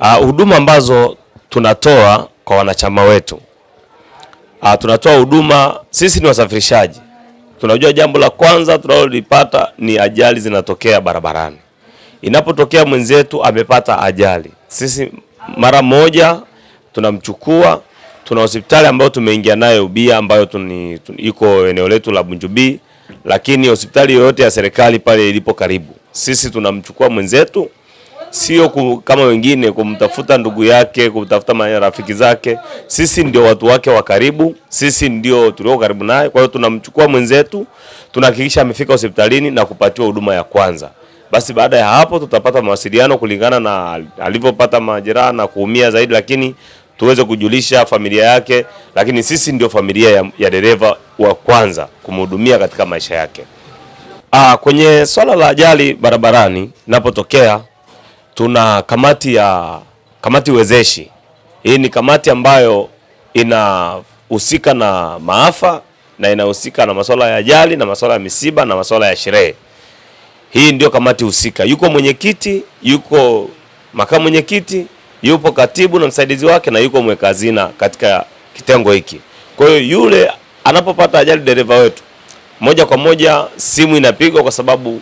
Ah, huduma ambazo tunatoa kwa wanachama wetu uh, tunatoa huduma. Sisi ni wasafirishaji, tunajua jambo la kwanza tunalolipata ni ajali zinatokea barabarani. Inapotokea mwenzetu amepata ajali, sisi mara moja tunamchukua, tuna hospitali ambayo tumeingia nayo ubia ambayo tuni, tuni, iko eneo letu la Bunjubi, lakini hospitali yoyote ya serikali pale ilipo karibu, sisi tunamchukua mwenzetu sio kama wengine kumtafuta ndugu yake, kumtafuta rafiki zake. Sisi ndio watu wake wa karibu, sisi ndio tulio karibu naye. Kwa hiyo tunamchukua mwenzetu, tunahakikisha amefika hospitalini na kupatiwa huduma ya kwanza. Basi baada ya hapo tutapata mawasiliano kulingana na alivyopata majeraha na kuumia zaidi, lakini tuweze kujulisha familia yake, lakini sisi ndio familia ya, ya dereva wa kwanza kumhudumia katika maisha yake. Aa, ah, kwenye swala la ajali barabarani napotokea tuna kamati ya kamati wezeshi. Hii ni kamati ambayo inahusika na maafa na inahusika na masuala ya ajali na masuala ya misiba na masuala ya sherehe. Hii ndio kamati husika. Yuko mwenyekiti, yuko makamu mwenyekiti, yupo katibu na msaidizi wake, na yuko mweka hazina katika kitengo hiki. Kwa hiyo yule anapopata ajali dereva wetu, moja kwa moja simu inapigwa, kwa sababu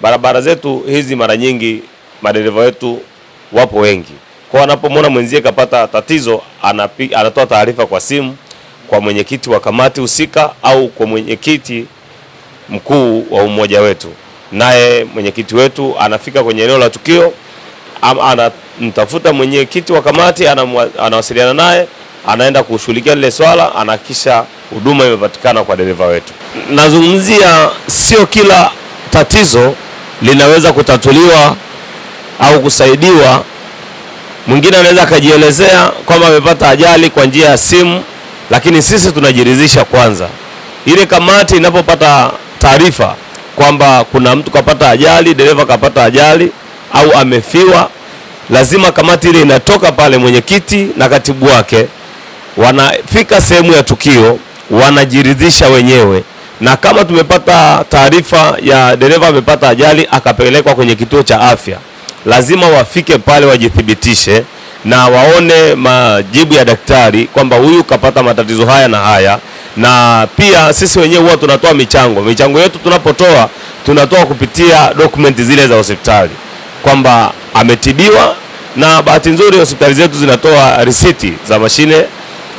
barabara zetu hizi mara nyingi madereva wetu wapo wengi, kwa anapomwona mwenzie kapata tatizo anapi, anatoa taarifa kwa simu kwa mwenyekiti wa kamati husika au kwa mwenyekiti mkuu wa umoja wetu, naye mwenyekiti wetu anafika kwenye eneo la tukio, anamtafuta mwenyekiti wa kamati, anawasiliana naye, anaenda kushughulikia lile swala, anahakikisha huduma imepatikana kwa dereva wetu. Nazungumzia sio kila tatizo linaweza kutatuliwa au kusaidiwa. Mwingine anaweza akajielezea kwamba amepata ajali kwa njia ya simu, lakini sisi tunajiridhisha kwanza. Ile kamati inapopata taarifa kwamba kuna mtu kapata ajali, dereva kapata ajali au amefiwa, lazima kamati ile inatoka pale, mwenyekiti na katibu wake wanafika sehemu ya tukio, wanajiridhisha wenyewe na kama tumepata taarifa ya dereva amepata ajali akapelekwa kwenye kituo cha afya lazima wafike pale wajithibitishe na waone majibu ya daktari kwamba huyu kapata matatizo haya na haya. Na pia sisi wenyewe huwa tunatoa michango. Michango yetu tunapotoa, tunatoa kupitia dokumenti zile za hospitali kwamba ametibiwa, na bahati nzuri hospitali zetu zinatoa risiti za mashine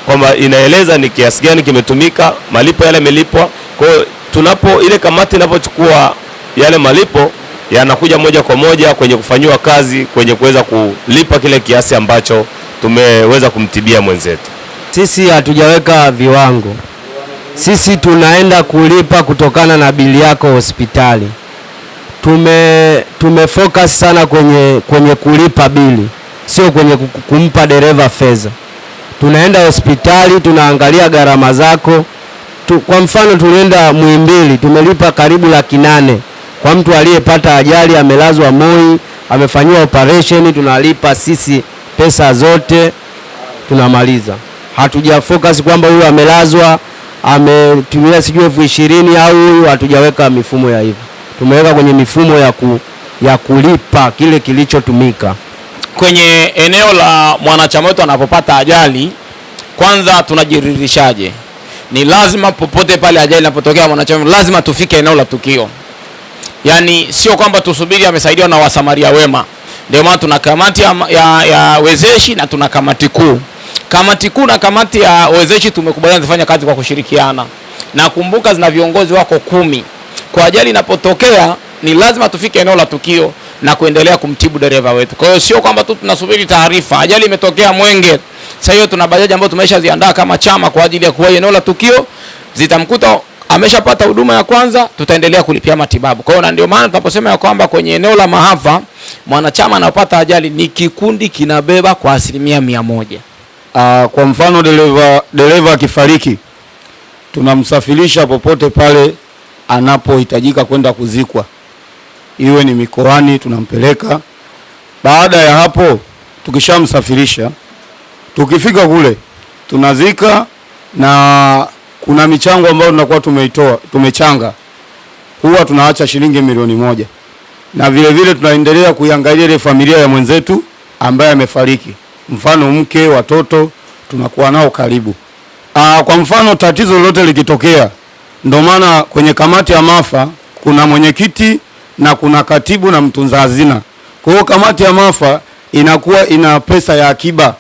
kwamba inaeleza ni kiasi gani kimetumika, malipo yale yamelipwa. Kwa hiyo tunapo ile kamati inapochukua yale malipo yanakuja moja kwa moja kwenye kufanyiwa kazi kwenye kuweza kulipa kile kiasi ambacho tumeweza kumtibia mwenzetu. Sisi hatujaweka viwango, sisi tunaenda kulipa kutokana na bili yako hospitali. Tume tumefocus sana kwenye, kwenye kulipa bili, sio kwenye kumpa dereva fedha. Tunaenda hospitali tunaangalia gharama zako tu, kwa mfano tulienda Muhimbili tumelipa karibu laki nane kwa mtu aliyepata ajali amelazwa MOI, amefanyiwa operation, tunalipa sisi pesa zote, tunamaliza. Hatuja focus kwamba huyu amelazwa ametumia sijui elfu ishirini au huyu, hatujaweka mifumo ya hivyo. Tumeweka kwenye mifumo ya, ku, ya kulipa kile kilichotumika kwenye eneo la mwanachama wetu anapopata ajali. Kwanza tunajiridhishaje? Ni lazima popote pale ajali inapotokea mwanachama, lazima tufike eneo la tukio yani sio kwamba tusubiri, amesaidiwa na wasamaria wema. Ndio maana tuna kamati ya, ya, ya wezeshi na tuna kamati kuu. Kamati kuu na kamati ya wezeshi tumekubaliana zifanya kazi kwa kushirikiana, na kumbuka, zina viongozi wako kumi. Kwa ajali inapotokea, ni lazima tufike eneo la tukio na kuendelea kumtibu dereva wetu. Kwa hiyo sio kwamba tu tunasubiri taarifa. Ajali imetokea Mwenge, sasa hiyo tuna bajaji ambayo tumeshaziandaa kama chama kwa ajili ya kuwahi eneo la tukio, zitamkuta ameshapata huduma ya kwanza, tutaendelea kulipia matibabu. Kwa hiyo na ndio maana tunaposema ya kwamba kwenye eneo la maafa mwanachama anapata ajali ni kikundi kinabeba kwa asilimia mia moja. Uh, kwa mfano dereva dereva akifariki tunamsafirisha popote pale anapohitajika kwenda kuzikwa, iwe ni mikoani tunampeleka. Baada ya hapo, tukishamsafirisha tukifika kule tunazika na kuna michango ambayo tunakuwa tumeitoa tumechanga, huwa tunaacha shilingi milioni moja na vile vile tunaendelea kuiangalia ile familia ya mwenzetu ambaye amefariki, mfano mke, watoto, tunakuwa nao karibu. Aa, ah, kwa mfano tatizo lolote likitokea, ndio maana kwenye kamati ya maafa kuna mwenyekiti na kuna katibu na mtunza hazina. Kwa hiyo kamati ya maafa inakuwa ina pesa ya akiba,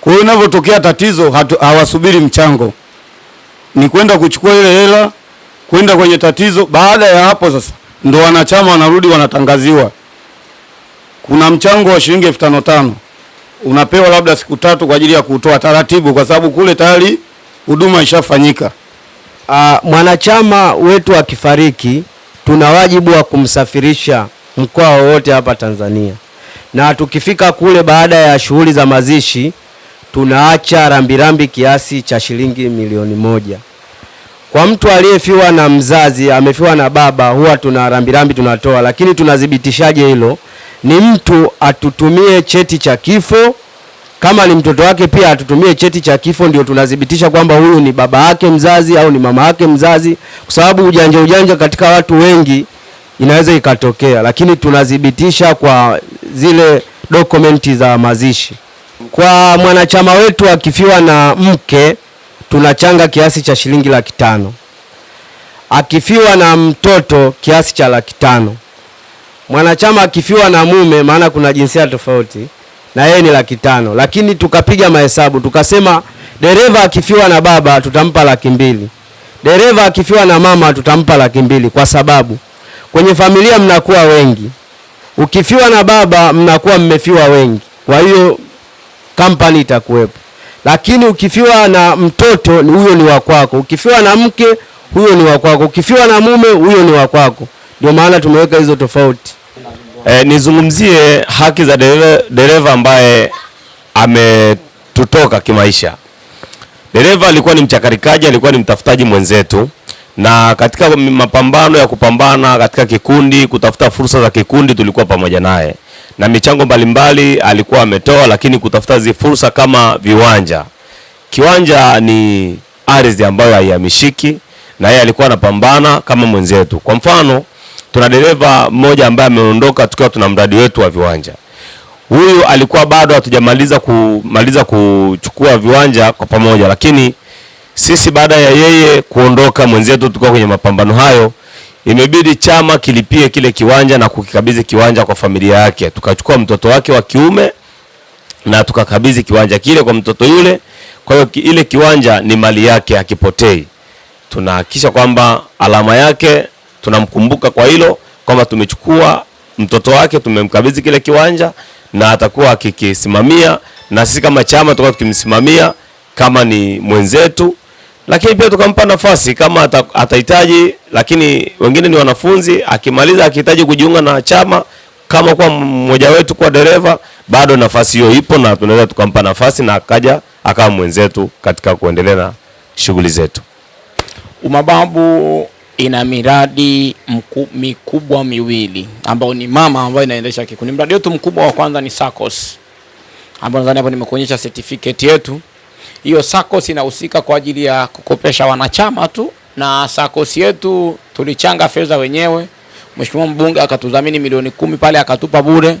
kwa hiyo inavyotokea tatizo hawasubiri mchango ni kwenda kuchukua ile hela kwenda kwenye tatizo. Baada ya hapo sasa ndo wanachama wanarudi wanatangaziwa, kuna mchango wa shilingi elfu tano tano unapewa labda siku tatu kwa ajili ya kutoa taratibu, kwa sababu kule tayari huduma ishafanyika. Uh, mwanachama wetu akifariki, tuna wajibu wa kumsafirisha mkoa wowote hapa Tanzania, na tukifika kule baada ya shughuli za mazishi tunaacha rambirambi kiasi cha shilingi milioni moja. Kwa mtu aliyefiwa na mzazi, amefiwa na baba, huwa tuna rambirambi tunatoa, lakini tunathibitishaje hilo? Ni mtu atutumie cheti cha kifo, kama ni mtoto wake pia atutumie cheti cha kifo, ndio tunathibitisha kwamba huyu ni baba yake mzazi au ni mama yake mzazi, kwa sababu ujanja ujanja katika watu wengi inaweza ikatokea, lakini tunathibitisha kwa zile dokumenti za mazishi. Kwa mwanachama wetu akifiwa na mke tunachanga kiasi cha shilingi laki tano. Akifiwa na mtoto kiasi cha laki tano. Mwanachama akifiwa na mume, maana kuna jinsia tofauti, na yeye ni laki tano. Lakini tukapiga mahesabu tukasema, dereva akifiwa na baba tutampa laki mbili, dereva akifiwa na mama tutampa laki mbili, kwa sababu kwenye familia mnakuwa wengi. Ukifiwa na baba mnakuwa mmefiwa wengi, kwa hiyo company itakuwepo. Lakini ukifiwa na mtoto huyo ni wa kwako, ukifiwa na mke huyo ni wa kwako, ukifiwa na mume huyo ni wa kwako. Ndio maana tumeweka hizo tofauti. E, nizungumzie haki za dereva ambaye ametutoka kimaisha. Dereva alikuwa ni mchakarikaji, alikuwa ni mtafutaji mwenzetu, na katika mapambano ya kupambana katika kikundi, kutafuta fursa za kikundi, tulikuwa pamoja naye na michango mbalimbali alikuwa ametoa, lakini kutafuta zile fursa kama viwanja. Kiwanja ni ardhi ambayo haihamishiki, na yeye alikuwa anapambana kama mwenzetu. Kwa mfano, tuna dereva mmoja ambaye ameondoka tukiwa tuna mradi wetu wa viwanja. Huyu alikuwa bado hatujamaliza kumaliza kuchukua viwanja kwa pamoja, lakini sisi baada ya yeye kuondoka, mwenzetu tukiwa kwenye mapambano hayo imebidi chama kilipie kile kiwanja na kukikabidhi kiwanja kwa familia yake. Tukachukua mtoto wake wa kiume na tukakabidhi kiwanja kile kwa mtoto yule. Kwa hiyo ile kiwanja ni mali yake, hakipotei. Tunahakikisha kwamba alama yake tunamkumbuka kwa hilo kwamba tumechukua mtoto wake tumemkabidhi kile kiwanja na atakuwa akikisimamia, na sisi kama chama tutakuwa tukimsimamia kama ni mwenzetu lakini pia tukampa nafasi kama atahitaji, lakini wengine ni wanafunzi, akimaliza akihitaji kujiunga na chama kama kwa mmoja wetu kwa dereva, bado nafasi hiyo ipo na tunaweza tukampa nafasi na akaja akawa mwenzetu katika kuendelea na shughuli zetu. UMABABU ina miradi mku, mikubwa miwili ambayo ni mama ambayo inaendesha kikundi. Mradi wetu mkubwa wa kwanza ni SACCOS ambao nadhani hapo nimekuonyesha certificate yetu hiyo SACCOS inahusika kwa ajili ya kukopesha wanachama tu, na SACCOS yetu tulichanga fedha wenyewe, mheshimiwa mbunge akatudhamini milioni kumi pale akatupa bure,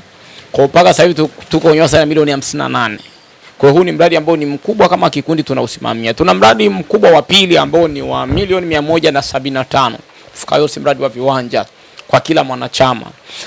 kwa mpaka sasa hivi tuko nyosa ya milioni hamsini na nane. Kwa hiyo huu ni mradi ambao ni mkubwa kama kikundi tunausimamia. Tuna mradi mkubwa wa pili ambao ni wa milioni mia moja na sabini na tano. Fukayo si mradi wa viwanja kwa kila mwanachama.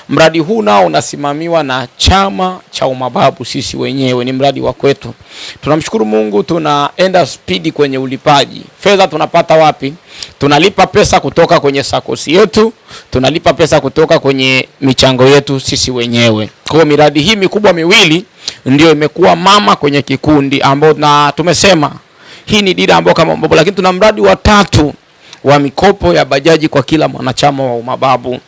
Mradi huu nao unasimamiwa na chama cha umababu, sisi wenyewe ni mradi wa kwetu. Tunamshukuru Mungu, tunaenda spidi kwenye ulipaji fedha. Tunapata wapi? Tunalipa pesa kutoka kwenye sakosi yetu, tunalipa pesa kutoka kwenye michango yetu sisi wenyewe. Kwa hiyo miradi hii mikubwa miwili ndio imekuwa mama kwenye kikundi ambao, na tumesema hii ni dira ambayo kama ambapo, lakini tuna mradi wa tatu wa mikopo ya bajaji kwa kila mwanachama wa umababu.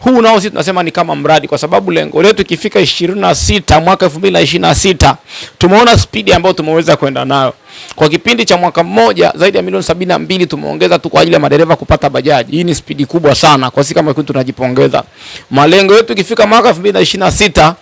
Huu nao sisi tunasema ni kama mradi, kwa sababu lengo letu ikifika 26 mwaka 2026 tumeona spidi ambayo tumeweza kwenda nayo kwa kipindi cha mwaka mmoja, zaidi ya milioni sabini na mbili tumeongeza tu kwa ajili ya madereva kupata bajaji. Hii ni spidi kubwa sana kwa sisi kama kundi tunajipongeza. Malengo yetu ikifika mwaka 2026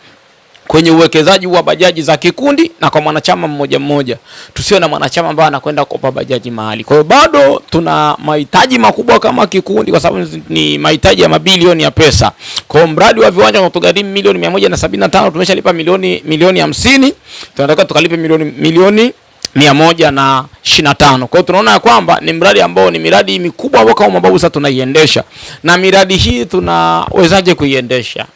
kwenye uwekezaji wa bajaji za kikundi na kwa mwanachama mmoja mmoja, tusio na mwanachama ambaye anakwenda kopa bajaji mahali. Kwa hiyo bado tuna mahitaji makubwa kama kikundi, kwa sababu ni mahitaji ya mabilioni ya pesa. Kwa hiyo mradi wa viwanja unatugharimu milioni 175, tumeshalipa milioni milioni 50, tunataka tukalipe milioni milioni mia moja na ishirini tano. Kwa hiyo tunaona ya kwamba ni mradi ambao ni miradi mikubwa ambao kama mababu sasa tunaiendesha, na miradi hii tunawezaje kuiendesha?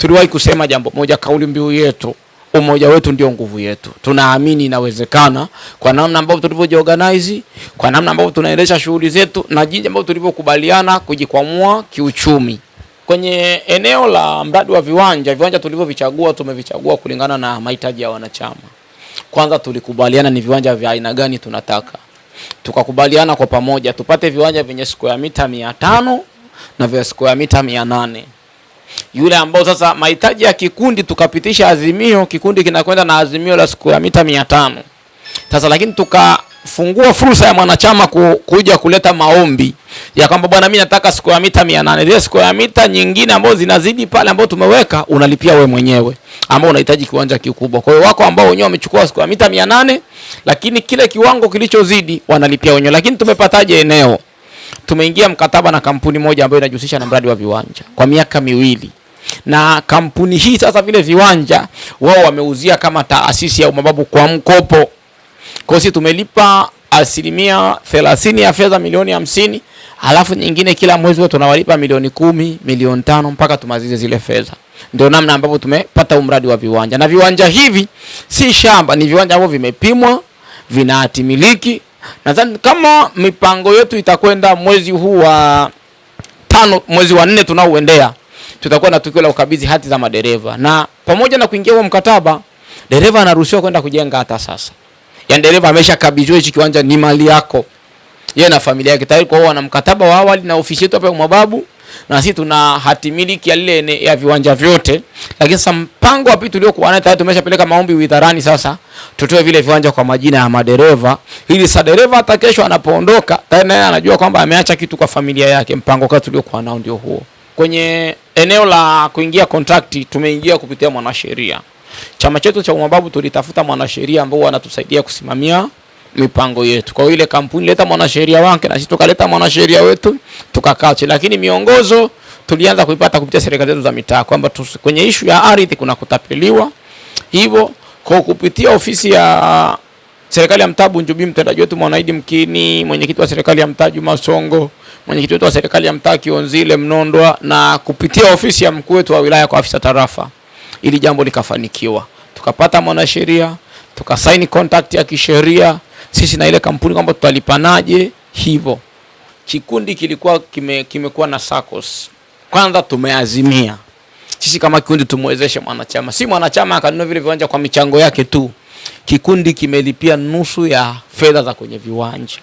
Tuliwahi kusema jambo moja, kauli mbiu yetu umoja wetu ndio nguvu yetu. Tunaamini inawezekana kwa namna ambavyo tulivyojiorganize, kwa namna ambavyo tunaendesha shughuli zetu na jinsi ambavyo tulivyokubaliana kujikwamua kiuchumi. Kwenye eneo la mradi wa viwanja, viwanja tulivyovichagua tumevichagua kulingana na mahitaji ya wanachama. Kwanza tulikubaliana ni viwanja vya aina gani tunataka, tukakubaliana kwa pamoja tupate viwanja vyenye square mita mia tano na vya square mita mia nane yule ambao sasa mahitaji ya kikundi tukapitisha azimio, kikundi kinakwenda na azimio la siku ya mita mia tano sasa, lakini tukafungua fursa ya mwanachama ku, kuja kuleta maombi ya kwamba bwana, mimi nataka siku ya mita mia nane siku ya mita nyingine ambazo zinazidi pale ambao tumeweka unalipia we mwenyewe, ambao unahitaji kiwanja kikubwa. Kwa hiyo wako ambao wenyewe wamechukua siku ya mita mia nane lakini kile kiwango kilichozidi wanalipia wenyewe. Lakini tumepataje eneo tumeingia mkataba na kampuni moja ambayo inajihusisha na mradi wa viwanja kwa miaka miwili na kampuni hii sasa vile viwanja wao wameuzia kama taasisi ya umababu kwa mkopo. Kwa hiyo tumelipa asilimia thelathini ya fedha milioni hamsini, alafu nyingine kila mwezi tunawalipa milioni kumi, milioni tano mpaka tumalize zile fedha. Ndio namna ambapo tumepata umradi wa viwanja, na viwanja hivi si shamba, ni viwanja ambavyo vimepimwa, vina hatimiliki Nadhani kama mipango yetu itakwenda mwezi huu wa tano, mwezi wa nne tunaoendea, tutakuwa na tukio la ukabidhi hati za madereva, na pamoja na kuingia huo mkataba, dereva anaruhusiwa kwenda kujenga hata sasa. Yaani dereva ameshakabidhiwa hichi kiwanja, ni mali yako, yeye na familia yake tayari. Kwa hiyo wana mkataba wa awali na ofisi yetu hapa Mababu na sisi tuna hati miliki ya lile ya viwanja vyote, lakini sasa mpango wa pili tuliokuwa nayo tayari tumeshapeleka maombi widharani. Sasa tutoe vile viwanja kwa majina ya madereva, ili sasa dereva hata kesho anapoondoka tayari naye anajua kwamba ameacha kitu kwa familia yake. Mpango kwa tuliokuwa nao ndio huo. Kwenye eneo la kuingia kontrakti tumeingia kupitia mwanasheria. Chama chetu cha umababu tulitafuta mwanasheria ambao anatusaidia kusimamia mipango yetu. Kwa ile kampuni leta mwanasheria wake na sisi tukaleta mwanasheria wetu tukakaa chini, lakini miongozo tulianza kuipata kupitia serikali zetu za mitaa kwamba kwenye ishu ya ardhi kuna kutapeliwa. Hivyo kwa kupitia ofisi ya serikali ya mtaa Bunjubi, mtendaji wetu Mwanaidi Mkini, mwenyekiti wa serikali ya mtaa Juma Songo, mwenyekiti wetu wa serikali ya mtaa Kionzile Mnondwa, na kupitia ofisi ya mkuu wetu wa wilaya kwa afisa tarafa, ili jambo likafanikiwa, tukapata mwanasheria, tukasaini contract ya kisheria sisi na ile kampuni kwamba tutalipanaje hivyo. Kikundi kilikuwa kimekuwa kime na SACCOS. Kwanza tumeazimia sisi kama kikundi tumwezeshe mwanachama, si mwanachama akanunua vile viwanja kwa michango yake tu. Kikundi kimelipia nusu ya fedha za kwenye viwanja,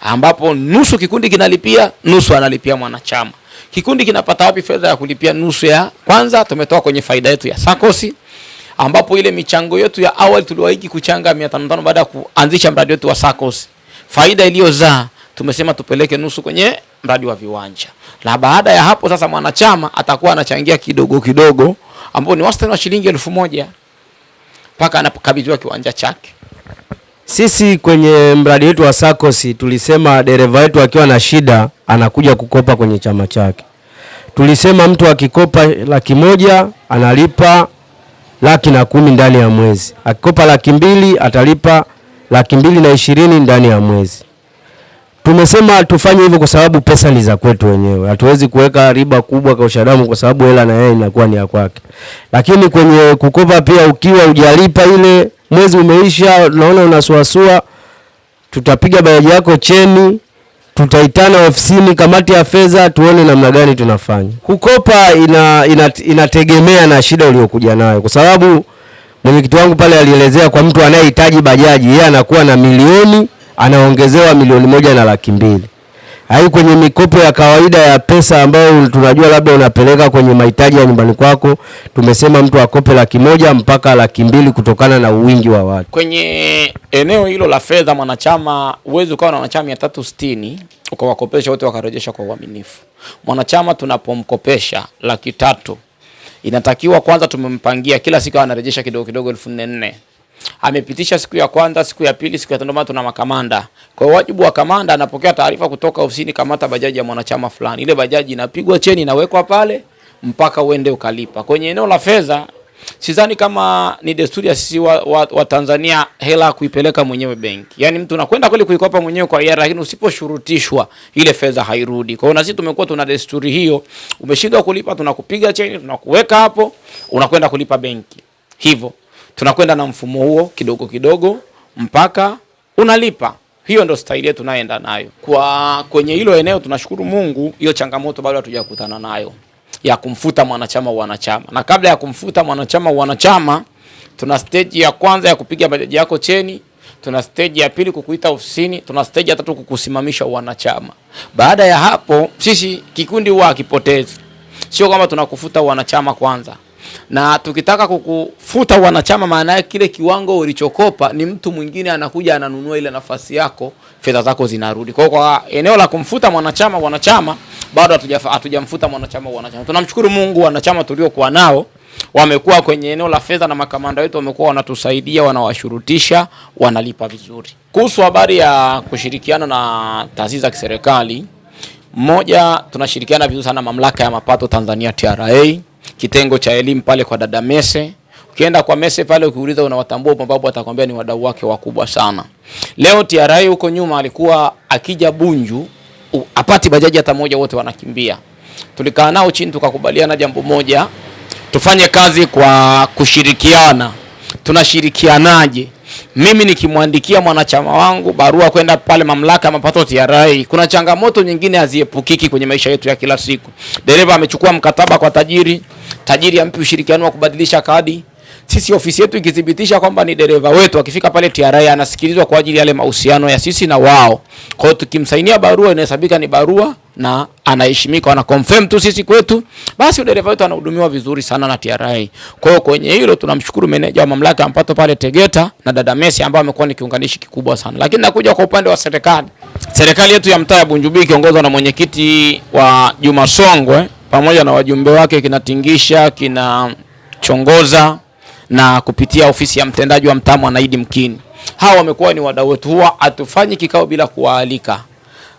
ambapo nusu kikundi kinalipia, nusu analipia mwanachama. Kikundi kinapata wapi fedha ya kulipia nusu ya kwanza? Tumetoa kwenye faida yetu ya SACCOS ambapo ile michango yetu ya awali tuliwaiki kuchanga 500 baada ya kuanzisha mradi wetu wa SACCOS. Faida iliyozaa tumesema tupeleke nusu kwenye mradi wa viwanja, na baada ya hapo sasa mwanachama atakuwa anachangia kidogo kidogo, ambapo ni wastani wa shilingi elfu moja mpaka anapokabidhiwa kiwanja chake. Sisi kwenye mradi wetu wa SACCOS tulisema dereva wetu akiwa na shida anakuja kukopa kwenye chama chake. Tulisema mtu akikopa laki moja analipa laki na kumi ndani ya mwezi. Akikopa laki mbili atalipa laki mbili na ishirini ndani ya mwezi. Tumesema tufanye hivyo kwa sababu pesa ni za kwetu wenyewe, hatuwezi kuweka riba kubwa kwa ushadamu, kwa sababu hela na yeye inakuwa ni ya kwake. Lakini kwenye kukopa pia, ukiwa hujalipa ile mwezi umeisha, unaona unasuasua, tutapiga bajaji yako cheni tutaitana ofisini, kamati ya fedha, tuone namna gani tunafanya. Kukopa ina, ina, inategemea na shida uliyokuja nayo, kwa sababu mwenyekiti wangu pale alielezea kwa mtu anayehitaji bajaji, yeye anakuwa na milioni anaongezewa milioni moja na laki mbili hai kwenye mikopo ya kawaida ya pesa ambayo tunajua labda unapeleka kwenye mahitaji ya nyumbani kwako. Tumesema mtu akope laki moja mpaka laki mbili kutokana na uwingi wa watu kwenye eneo hilo la fedha. Mwanachama uwezi ukawa na wanachama mia tatu sitini ukawakopesha wote wakarejesha kwa uaminifu. Mwanachama tunapomkopesha laki tatu inatakiwa kwanza tumempangia kila siku anarejesha kidogo kidogo elfu nne nne amepitisha siku ya kwanza, siku ya pili, siku ya tano, tuna makamanda. Kwa hiyo wajibu wa kamanda, anapokea taarifa kutoka ofisini, kamata bajaji ya mwanachama fulani, ile bajaji inapigwa cheni, inawekwa pale mpaka uende ukalipa. Kwenye eneo la fedha, sidhani kama ni desturi ya sisi wa, wa, wa Tanzania hela kuipeleka mwenyewe benki. Yaani mtu anakwenda kweli kuikopa mwenyewe kwa hiari, lakini usiposhurutishwa ile fedha hairudi. Kwa hiyo na sisi tumekuwa tuna desturi hiyo, umeshindwa kulipa, tunakupiga cheni, tunakuweka hapo, unakwenda kulipa benki hivyo Tunakwenda na mfumo huo kidogo kidogo mpaka unalipa. Hiyo ndo staili yetu tunaenda nayo kwa kwenye hilo eneo. Tunashukuru Mungu, hiyo changamoto bado hatujakutana nayo ya kumfuta mwanachama wanachama, na kabla ya kumfuta mwanachama wanachama, tuna stage ya kwanza ya kupiga bajaji yako cheni, tuna stage ya pili kukuita ofisini, tuna stage ya tatu kukusimamisha wanachama. Baada ya hapo, sisi kikundi huwa hakipotezi, sio kwamba tunakufuta wanachama kwanza na tukitaka kukufuta wanachama, maana yake kile kiwango ulichokopa ni mtu mwingine anakuja ananunua ile nafasi yako, fedha zako zinarudi. Kwa hiyo kwa eneo la kumfuta mwanachama wanachama, bado hatujamfuta mwanachama wanachama. Tunamshukuru Mungu, wanachama tuliokuwa nao wamekuwa kwenye eneo la fedha na makamanda wetu wamekuwa wanatusaidia, wanawashurutisha, wanalipa vizuri. Kuhusu habari ya kushirikiana na taasisi za kiserikali, mmoja tunashirikiana vizuri sana mamlaka ya mapato Tanzania TRA kitengo cha elimu pale kwa dada Mese. Ukienda kwa Mese pale ukiuliza unawatambua Pambapo, atakwambia ni wadau wake wakubwa sana. Leo TRA huko nyuma alikuwa akija Bunju apati bajaji hata moja, wote wanakimbia. Tulikaa nao chini tukakubaliana jambo moja, tufanye kazi kwa kushirikiana tunashirikianaje? Mimi nikimwandikia mwanachama wangu barua kwenda pale mamlaka ya mapato TRA, kuna changamoto nyingine haziepukiki kwenye maisha yetu ya kila siku. Dereva amechukua mkataba kwa tajiri, tajiri ampi ushirikiano wa kubadilisha kadi sisi ofisi yetu ikithibitisha kwamba ni dereva wetu, akifika pale TRA anasikilizwa kwa ajili yale mahusiano ya sisi na wao. Kwa hiyo tukimsainia barua inahesabika ni barua na anaheshimika, ana confirm tu sisi kwetu, basi dereva wetu anahudumiwa vizuri sana na TRA. Kwa hiyo kwenye hilo tunamshukuru meneja wa mamlaka ya mapato pale Tegeta na dada Messi ambao amekuwa ni kiunganishi kikubwa sana. Lakini nakuja kwa upande wa serikali, serikali yetu ya mtaa ya Bunjubi ikiongozwa na mwenyekiti wa Juma Songwe pamoja na wajumbe wake kinatingisha, kinachongoza na kupitia ofisi ya mtendaji wa mtaa Mwanaidi Mkini. Hawa wamekuwa ni wadau wetu, huwa hatufanyi kikao bila kuwaalika.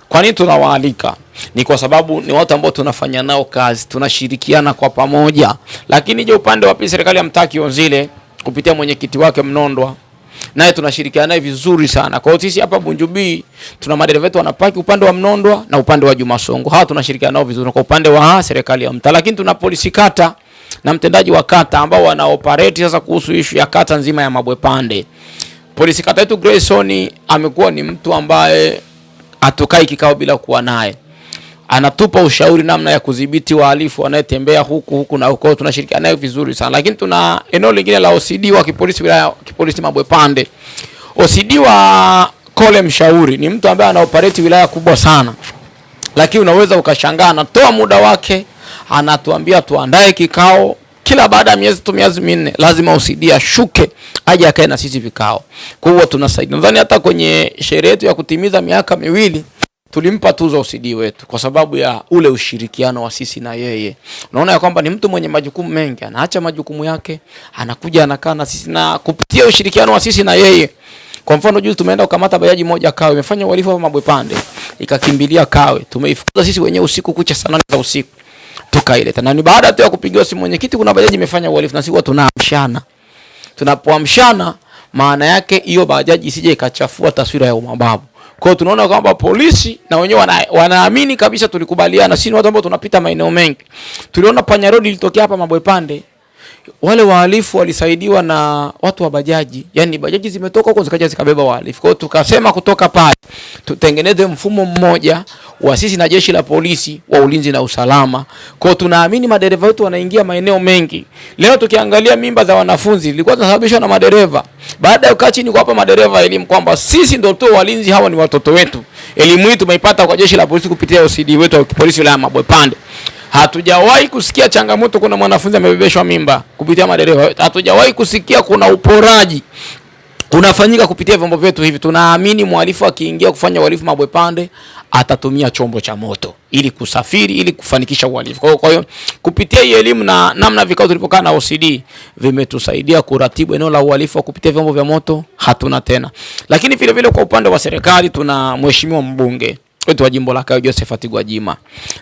Kwa nini tunawaalika? Ni kwa sababu ni watu ambao tunafanya nao kazi, tunashirikiana kwa pamoja. Lakini je, upande wa pili serikali ya mtaa Kihonzile kupitia mwenyekiti wake Mnondwa naye tunashirikiana naye vizuri sana. Kwa hiyo sisi hapa Bunjubi tuna madereva wetu wanapaki upande wa Mnondwa na upande wa Jumasongo. Hawa tunashirikiana nao vizuri kwa upande wa serikali ya mtaa, lakini tuna polisi kata na mtendaji wa kata ambao wana operate sasa kuhusu ishu ya kata nzima ya Mabwepande. Polisi kata yetu Grayson amekuwa ni mtu ambaye hatukai kikao bila kuwa naye, anatupa ushauri namna ya kudhibiti wahalifu wanayetembea huku huku na huko, tunashirikiana naye vizuri sana. Lakini tuna eneo lingine la OCD wa kipolisi wilaya kipolisi Mabwepande. OCD wa Kole Mshauri ni mtu ambaye anaoperate wilaya kubwa sana, lakini unaweza ukashangaa, anatoa muda wake anatuambia tuandae kikao kila baada ya miezi tu miezi minne lazima usidie ashuke aje akae na sisi vikao. Kwa hiyo tunasaidia. Nadhani hata kwenye sherehe yetu ya kutimiza miaka miwili tulimpa tuzo usidii wetu kwa sababu ya ule ushirikiano wa sisi na yeye. Unaona ya kwamba ni mtu mwenye majukumu mengi, anaacha majukumu yake, anakuja anakaa na sisi na kupitia ushirikiano wa sisi na yeye. Kwa mfano juzi tumeenda kukamata bajaji moja Kawe, imefanya uhalifu hapa Mabwepande, ikakimbilia Kawe. Tumeifukuza sisi wenyewe usiku kucha, saa nane za usiku tukaileta. Na ni baada tu ya kupigiwa simu mwenyekiti, kuna bajaji imefanya uhalifu, na sisi huwa tunaamshana. Tunapoamshana maana yake hiyo bajaji isije ikachafua taswira ya umababu. Kwa hiyo tunaona kwamba polisi na wenyewe wana, wanaamini kabisa tulikubaliana, sisi ni watu ambao tunapita maeneo mengi. Tuliona panya road ilitokea hapa Mabwepande wale wahalifu walisaidiwa na watu wa bajaji, yani bajaji zimetoka huko zikaja zikabeba wahalifu. Kwa hiyo tukasema kutoka pale tutengeneze mfumo mmoja wa sisi na jeshi la polisi wa ulinzi na usalama. Kwa hiyo tunaamini madereva wetu wanaingia maeneo mengi. Leo tukiangalia mimba za wanafunzi zilikuwa zinasababishwa na madereva. Baada ya kukaa chini kuwapa madereva elimu kwamba sisi ndio tu walinzi, hawa ni watoto wetu. Elimu hii tumeipata kwa jeshi la polisi kupitia OCD wetu wa polisi wilaya Mabwepande. Hatujawahi kusikia changamoto, kuna mwanafunzi amebebeshwa mimba kupitia madereva. Hatujawahi kusikia kuna uporaji unafanyika kupitia vyombo vyetu hivi. Tunaamini mhalifu akiingia kufanya uhalifu mabwepande atatumia chombo cha moto ili kusafiri ili kufanikisha uhalifu. Kwa hiyo kupitia hii elimu na namna vikao tulivyokaa na OCD vimetusaidia kuratibu eneo la uhalifu kupitia vyombo vya moto hatuna tena. Lakini vile vile kwa upande wa serikali tuna mheshimiwa mbunge wetu wa jimbo la Kawe Josephat Gwajima,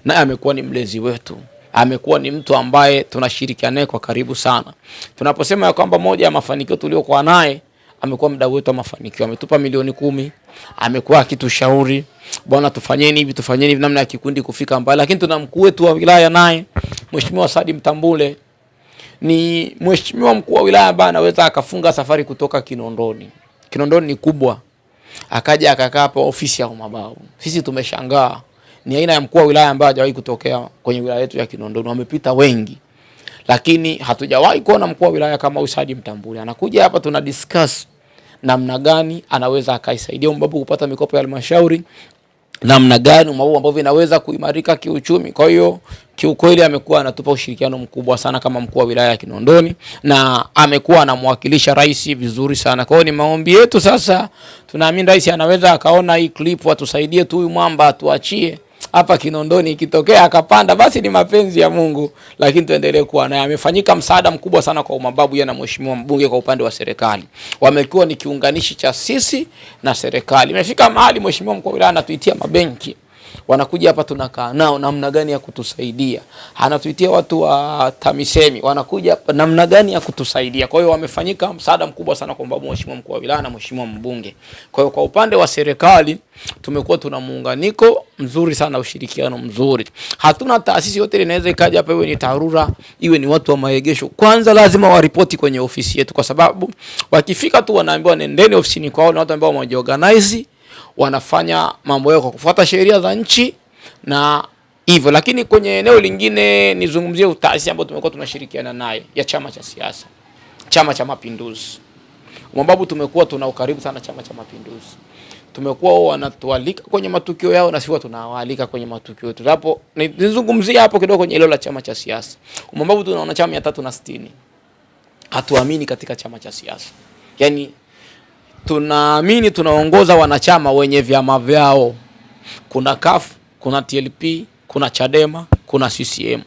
naye amekuwa ni mlezi wetu, amekuwa ni mtu ambaye tunashirikiana naye kwa karibu sana. Tunaposema ya kwamba moja ya mafanikio tuliokuwa naye amekuwa mdau wetu wa mafanikio, ametupa milioni kumi, amekuwa akitushauri bwana, tufanyeni hivi, tufanyeni hivi, namna ya kikundi kufika mbali. Lakini tuna mkuu wetu wa wilaya naye Mheshimiwa Sadi Mtambule ni mheshimiwa mkuu wa wilaya ambaye anaweza akafunga safari kutoka Kinondoni. Kinondoni ni kubwa, akaja akakaa hapa ofisi ya Umabau. Sisi tumeshangaa, ni aina ya mkuu wa wilaya ambaye hajawahi kutokea kwenye wilaya yetu ya Kinondoni. Wamepita wengi, lakini hatujawahi kuona mkuu wa wilaya kama Usadi mtambuli anakuja hapa, tuna discuss namna gani anaweza akaisaidia Mbabu kupata mikopo ya halmashauri namna gani maua ambavyo inaweza kuimarika kiuchumi. Kwa hiyo kiukweli amekuwa anatupa ushirikiano mkubwa sana kama mkuu wa wilaya ya Kinondoni na amekuwa anamwakilisha rais vizuri sana. Kwa hiyo ni maombi yetu sasa, tunaamini rais anaweza akaona hii clip, atusaidie tu huyu mwamba atuachie hapa Kinondoni ikitokea akapanda, basi ni mapenzi ya Mungu, lakini tuendelee kuwa naye. Amefanyika msaada mkubwa sana kwa umababu ya na mheshimiwa mbunge. Kwa upande wa serikali, wamekuwa ni kiunganishi cha sisi na serikali. Imefika mahali mheshimiwa mkuu wa wilaya anatuitia mabenki wanakuja hapa tunakaa nao, namna gani ya kutusaidia. Anatuitia watu wa TAMISEMI wanakuja hapa, namna gani ya kutusaidia. Kwa hiyo wamefanyika msaada mkubwa sana kwa sababu mheshimiwa mkuu wa wilaya na mheshimiwa mbunge. Kwa hiyo kwa upande wa serikali tumekuwa tuna muunganiko mzuri sana, ushirikiano mzuri. Hatuna taasisi yote inaweza ikaja hapa, iwe ni TARURA iwe ni watu wa maegesho, kwanza lazima waripoti kwenye ofisi yetu, kwa sababu wakifika tu wanaambiwa nendeni ofisini kwao na watu ambao wamejiorganize wanafanya mambo yao kwa kufuata sheria za nchi na hivyo. Lakini kwenye eneo lingine nizungumzie utaasisi ambao tumekuwa tunashirikiana naye ya chama cha siasa, Chama cha Mapinduzi. Mwambabu tumekuwa tuna ukaribu sana Chama cha Mapinduzi, tumekuwa wanatualika kwenye matukio yao na sisi tunawaalika kwenye matukio yetu. Hapo nizungumzie hapo kidogo kwenye eneo la chama cha siasa. Mwambabu tuna wanachama 360. Hatuamini katika chama cha siasa, yaani tunaamini tunaongoza wanachama wenye vyama vyao. Kuna CUF, kuna TLP, kuna Chadema, kuna CCM.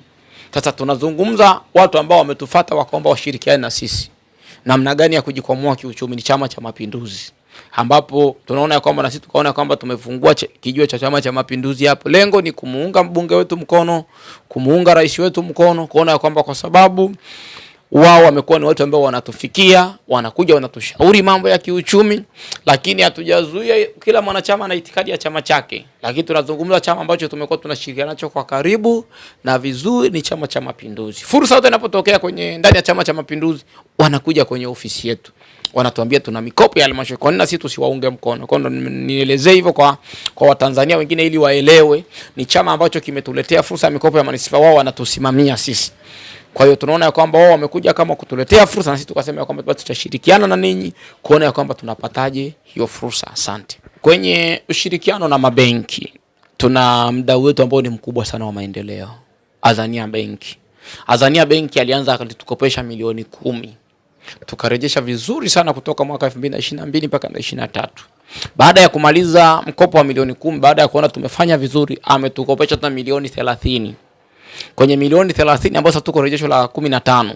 Sasa tunazungumza watu ambao wametufata wakaomba washirikiane na sisi namna gani ya kujikwamua kiuchumi. Ni Chama cha Mapinduzi ambapo tunaona ya kwamba na sisi tukaona kwamba tumefungua kijiwe cha Chama cha Mapinduzi hapo. Lengo ni kumuunga mbunge wetu mkono, kumuunga rais wetu mkono, kuona ya kwamba kwa sababu wao wamekuwa ni watu ambao wanatufikia, wanakuja wanatushauri mambo ya kiuchumi, lakini hatujazuia kila mwanachama na itikadi ya chama chake. Lakini tunazungumza chama ambacho tumekuwa tunashirikiana nacho kwa karibu na vizuri ni Chama cha Mapinduzi. Fursa zote inapotokea kwenye ndani ya Chama cha Mapinduzi, wanakuja kwenye ofisi yetu wanatuambia tuna mikopo ya halmashauri, kwa nini sisi tusiwaunge mkono? Kwa nielezee hivyo kwa kwa Watanzania wengine ili waelewe, ni chama ambacho kimetuletea fursa ya mikopo ya manispaa, wao wanatusimamia sisi. Kwa hiyo tunaona ya kwamba wao wamekuja kama kutuletea fursa, na sisi tukasema ya kwamba tutashirikiana na ninyi kuona ya kwamba tunapataje hiyo fursa. Asante. Kwenye ushirikiano na mabenki, tuna mdau wetu ambao ni mkubwa sana wa maendeleo, Azania Benki. Azania Benki alianza alitukopesha milioni kumi tukarejesha vizuri sana kutoka mwaka 2022 mpaka 2023. Baada ya kumaliza mkopo wa milioni kumi, baada ya kuona tumefanya vizuri, ametukopesha tena milioni 30. Kwenye milioni 30 ambayo sasa tuko rejesho la 15.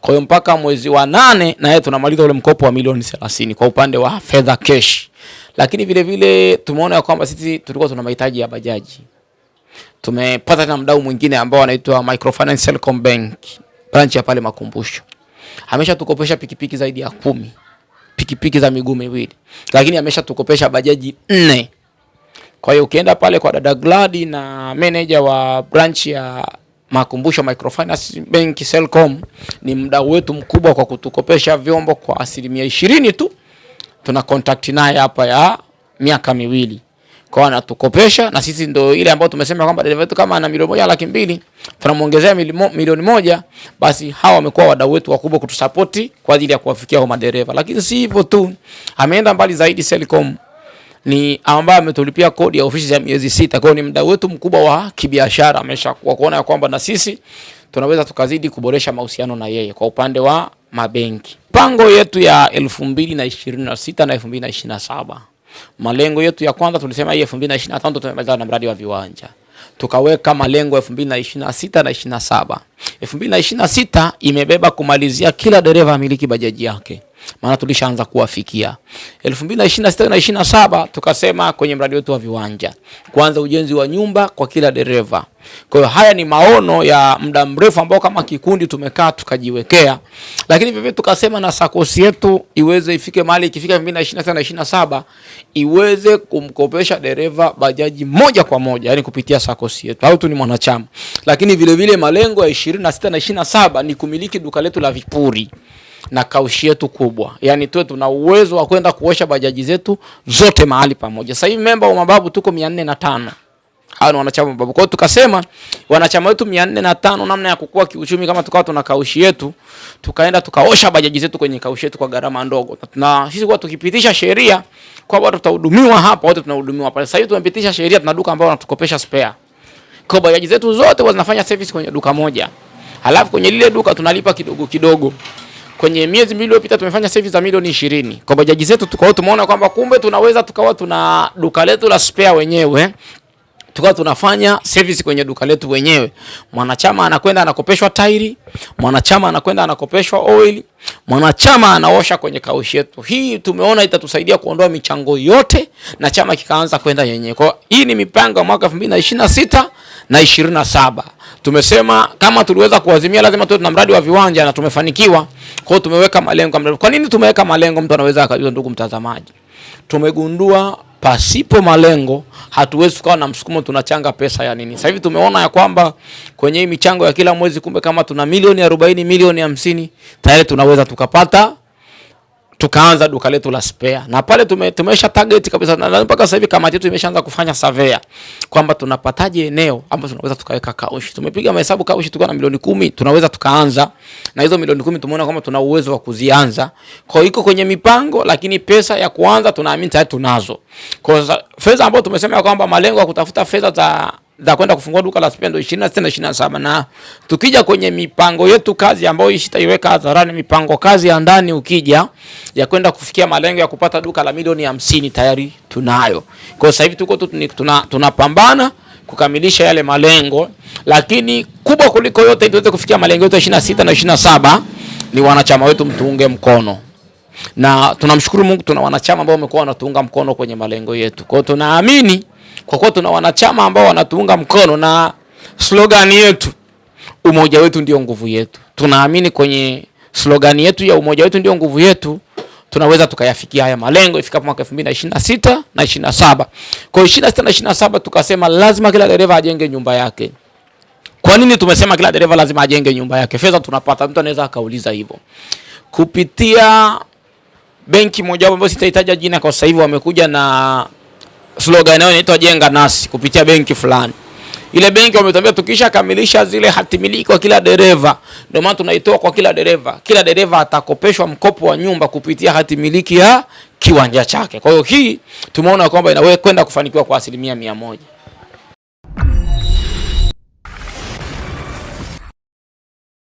Kwa hiyo mpaka mwezi wa nane na yeye tunamaliza ule mkopo wa milioni 30 kwa upande wa fedha cash. Lakini vile vile tumeona ya kwamba sisi tulikuwa tuna mahitaji ya bajaji. Tumepata na mdau mwingine ambao anaitwa Microfinance Telecom Bank branch ya pale Makumbusho ameshatukopesha pikipiki zaidi ya kumi, pikipiki za miguu miwili, lakini ameshatukopesha bajaji nne. Kwa hiyo ukienda pale kwa dada Gladi na meneja wa branch ya Makumbusho Microfinance Bank Selcom, ni mdau wetu mkubwa kwa kutukopesha vyombo kwa asilimia ishirini tu. Tuna contact naye hapa ya miaka miwili kwa anatukopesha na sisi ndio ile ambayo tumesema kwamba dereva wetu kama ana milioni moja laki mbili tunamuongezea milioni moja, basi hawa wamekuwa wadau wetu wakubwa kutusapoti kwa ajili ya kuwafikia hao madereva. Lakini si hivyo tu, ameenda mbali zaidi. Selcom ni ambaye ametulipia kodi ya ofisi ya miezi sita, kwa hiyo ni mdau wetu mkubwa wa kibiashara. Ameshakuwa kuona ya kwamba na sisi tunaweza tukazidi kuboresha mahusiano na yeye kwa upande wa mabenki. pango yetu ya 2026 na 2027 Malengo yetu ya kwanza tulisema hii 2025 tumemaliza na mradi wa viwanja, tukaweka malengo 2026 na 27. 2026 imebeba kumalizia kila dereva amiliki bajaji yake, maana tulishaanza kuwafikia 2026 na 27. Tukasema kwenye mradi wetu wa viwanja kuanza ujenzi wa nyumba kwa kila dereva. Kwa hiyo haya ni maono ya muda mrefu ambao kama kikundi tumekaa tukajiwekea, lakini vivyo tukasema na sakosi yetu iweze ifike mahali, ikifika 2026 na 27 iweze kumkopesha dereva bajaji moja kwa moja, yani kupitia sakosi yetu au tu ni mwanachama. Lakini vilevile vile malengo ya 26 na 27 ni kumiliki duka letu la vipuri na kaushi yetu kubwa, yani tuwe tuna uwezo wa kwenda kuosha bajaji zetu zote mahali pamoja. Sasa hivi memba wa mababu tuko 405 ni wanachama wa ambao. Kwa hiyo tukasema wanachama wetu 405 namna ya kukua kiuchumi, kama tukawa tuna kaushi yetu, tukaenda tukaosha bajaji zetu kwenye kaushi yetu kwa gharama ndogo, na na sisi kwa tukipitisha sheria kwa watu tutahudumiwa hapa, wote tunahudumiwa hapa. Sasa hivi tumepitisha sheria, tuna duka ambao wanatukopesha spare kwa bajaji zetu zote huwa zinafanya service kwenye duka moja, halafu kwenye lile duka tunalipa kidogo kidogo kwenye miezi miwili iliyopita tumefanya savings za milioni 20 kwa bajaji zetu. tukao tumeona kwamba kumbe tunaweza tukawa tuna duka letu la spare wenyewe tukawa tunafanya service kwenye duka letu wenyewe. Mwanachama anakwenda anakopeshwa tairi, mwanachama anakwenda anakopeshwa oil, mwanachama anaosha kwenye kaushi yetu. Hii tumeona itatusaidia kuondoa michango yote na chama kikaanza kwenda yenyewe. Kwa hii ni mipango ya mwaka 2026 na 27. Tumesema kama tuliweza kuazimia lazima tuwe tuna mradi wa viwanja na tumefanikiwa. Kwa tumeweka malengo. Kwa nini tumeweka malengo? Mtu anaweza akajua, ndugu mtazamaji, tumegundua pasipo malengo hatuwezi tukawa na msukumo, tunachanga pesa ya nini? Sasa hivi tumeona ya kwamba kwenye hii michango ya kila mwezi, kumbe kama tuna milioni arobaini, milioni hamsini tayari tunaweza tukapata tukaanza duka letu la spare na pale tume, tumesha target kabisa na mpaka sasa hivi kamati yetu imeshaanza kufanya survey kwamba tunapataje eneo ambapo tunaweza tukaweka kaushi. Tumepiga mahesabu kaushi tukiwa na milioni kumi tunaweza tukaanza na hizo milioni kumi tumeona kwamba tuna uwezo wa kuzianza. Kwa hiyo iko kwenye mipango, lakini pesa ya kuanza tunaamini tayari tunazo. Kwa fedha ambayo tumesema kwamba malengo ya kutafuta fedha za za kwenda kufungua duka la Spendo 26 na 27. Na tukija kwenye mipango yetu kazi ambayo itaiweka hadharani, mipango kazi ya ndani, ukija ya kwenda kufikia malengo ya kupata duka la milioni hamsini tayari tunayo. Kwa hiyo sasa hivi tuko tu tunapambana kukamilisha yale malengo, lakini kubwa kuliko yote ili tuweze kufikia malengo yetu 26 na 27 ni wanachama wetu, mtuunge mkono na tunamshukuru Mungu, tuna wanachama ambao wamekuwa wanatuunga mkono kwenye malengo yetu. Kwa hiyo tunaamini kwa kuwa tuna wanachama ambao wanatuunga mkono na slogan yetu umoja wetu ndio nguvu yetu, tunaamini kwenye slogan yetu ya umoja wetu ndio nguvu yetu tunaweza tukayafikia haya malengo ifikapo mwaka 2026 na 27. Kwa hiyo 26 na 27 tukasema lazima kila dereva ajenge nyumba yake. Kwa nini tumesema kila dereva lazima ajenge nyumba yake? Fedha tunapata, mtu anaweza akauliza hivyo. Kupitia benki wapo ambayo sitahitaji jina kwa sasa hivi, wamekuja na slogan yao inaitwa jenga nasi kupitia benki fulani. Ile benki wametambia tukisha kamilisha zile hatimiliki kwa kila dereva, ndio maana tunaitoa kwa kila dereva. Kila dereva atakopeshwa mkopo wa nyumba kupitia hatimiliki ya kiwanja chake. Kwa hiyo hii tumeona kwamba inaweza kwenda kufanikiwa kwa asilimia mia moja.